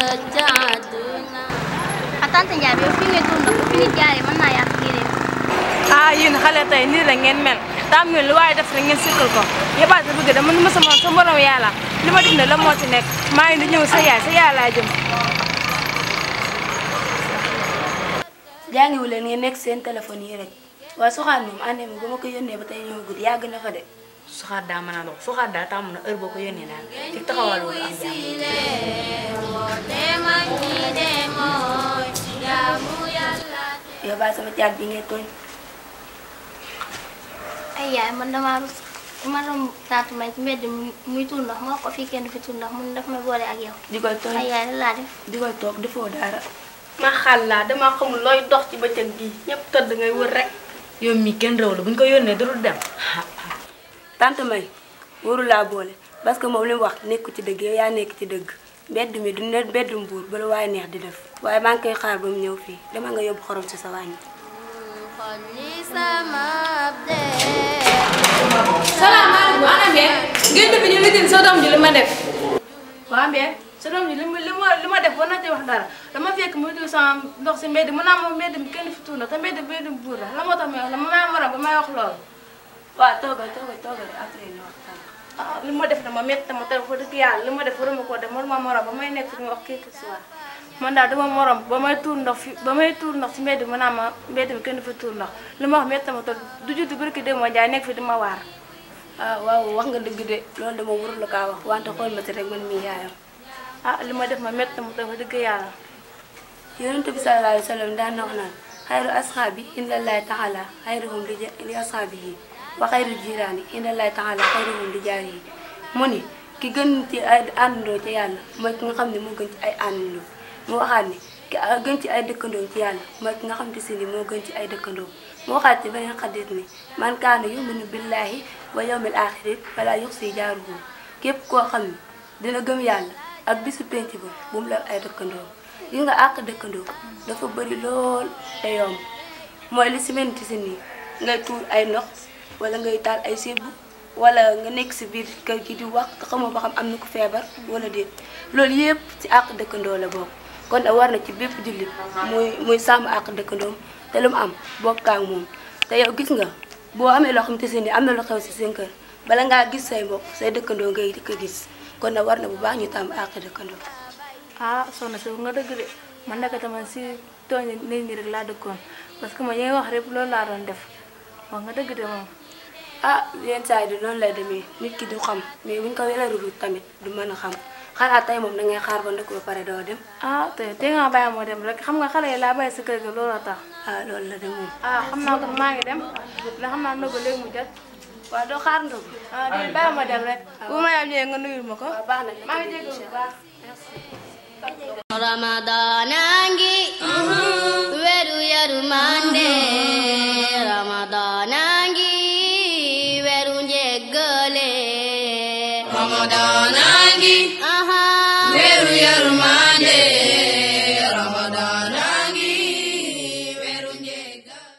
tante Ndiaye ah, e ba fii ngay fi nit jaaree mën naa yàq yére ah yéen xale tey nii la ngeen mel daa mel lu waaye def rek ngeen sikkal ko yóbbaale sa bëgg dama nu ma sama sa morom yàlla li ma dund ci nekk maa ngi ñëw sa yaay sa yaay laa jëm. jàngiwu leen ngeen nekk seen téléphone yi rek waaye soxaan moom ànd mi ba ma ko yónnee ba tey ñëwagul yàgg na fa de. soxaat daa mën a dox soxaat daa taamu na heure boo ko yónnee daal ci taxawal bi man damaa ma doon taatu may ci mbedd muy tuur ndox ma ko fii kenn du fi tuur ndox mun daf may boole ak yow. di koy tooñ ay yaay di koy toog defoo dara. ma xàllaa xamul looy dox ci bëccëg gi ñëpp tëdd ngay wër rek. yow mii kenn réew bu ñu ko yónnee du dul dem. tante May wóoru laa boole parce que moom li mu wax nekku ci dëgg yaa nekk ci dëgg mbedd mi du ne mbedd mbuur bala waaye neex di def waaye maa koy xaar ba mu ñëw fii dama nga yóbbu xorom si sa wàññi. salaamaaleykum ana Mbène ngeen def ñu liggéey sa doom ji li ma def. waaw Mbène sa doom ji li ma li ma def war na ci wax dara dama fekk mu tudd sama ndox si mbedd mu naa ma mbedd mi kenn fi tuur na te mbedd mbedd mbuur la la moo tax may wax la ma maa war ba may wax loolu. waaw toogal ah li ah, ma def dama métti ma teel fa dëgg yàlla li ma def koo def waruma morom nekk fi ba may tuur ndox ba may tuur ndox si mbedd mi ma mbedd mi kenn du fa tuur ndox li ma wax métti ma toog du juddu barki démb Ndiaye nekk fi dama waar. ah waaw wax nga dëgg de loolu dama warul kaa wax wante xool ma li ah, ma def ma métti ma teel wa xayru jiraani inda Allahi taala xayruhum li jaarihi mu ni ki gën ci ay àndandoo ci yàlla mooy ki nga xam ne moo gën ci ay àndandoo mu waxaat ni ki gën ci ay dëkkandoo ci yàlla mooy ki nga xam te si ni moo gën ci ay dëkkandoo mu waxaat ci beneen xadis ni man kaana yuminu billahi wa yawmil axiri fala yuxsi jaaruhu képp koo xam ne dina gëm yàlla ak bisu penc ba bu mu la ay dëkkandoo gi nga àq dëkkandoo dafa bëri lool te yomb mooy li si mel si nii ngay tuur ay ndox wala ngay taal ay sébb wala nga nekk si biir kër gi di wax te xamoo ba xam am na ku feebar wala déet loolu yëpp si àq dëkkandoo la bokk kon war na ci bépp jullit muy muy sàmm àq dëkkandoom te lu am bokk ak moom te yow gis nga boo amee loo xam te seen di am na lu xew si seen kër bala ngaa gis say mbokk say dëkkandoo ngay di ko gis kon na war na bu baax ñu tàmm àq dëkkandoo. ah soxna si nga dëgg de man naka tamit si tooñ nit ñi rek laa dëkkoon parce que ma wax rek loolu laa doon def wax nga dëgg de moom. ah yenn saa yi de noonu lay demee nit ki du xam mais buñ ko wélarul tamit du mën a xam xanaa tey moom da ngay xaar ba ndëkk ba pare doo dem. ah tey tey nga bàyyi moo dem rek xam nga xale yi la bàyyi si kër ga loolu tax. ah loolu la di moom. ah xam naa ko maa ngi dem ndax xam naa ndogu léegi mu jot. waaw doo xaar ndogu. ah déedéet bàyyi ma dem rek. Ah. bu ma yaay ñëwee nga nuyul ma ko. waaw ah, baax na maa ngi déglu bu baax. Modanangi.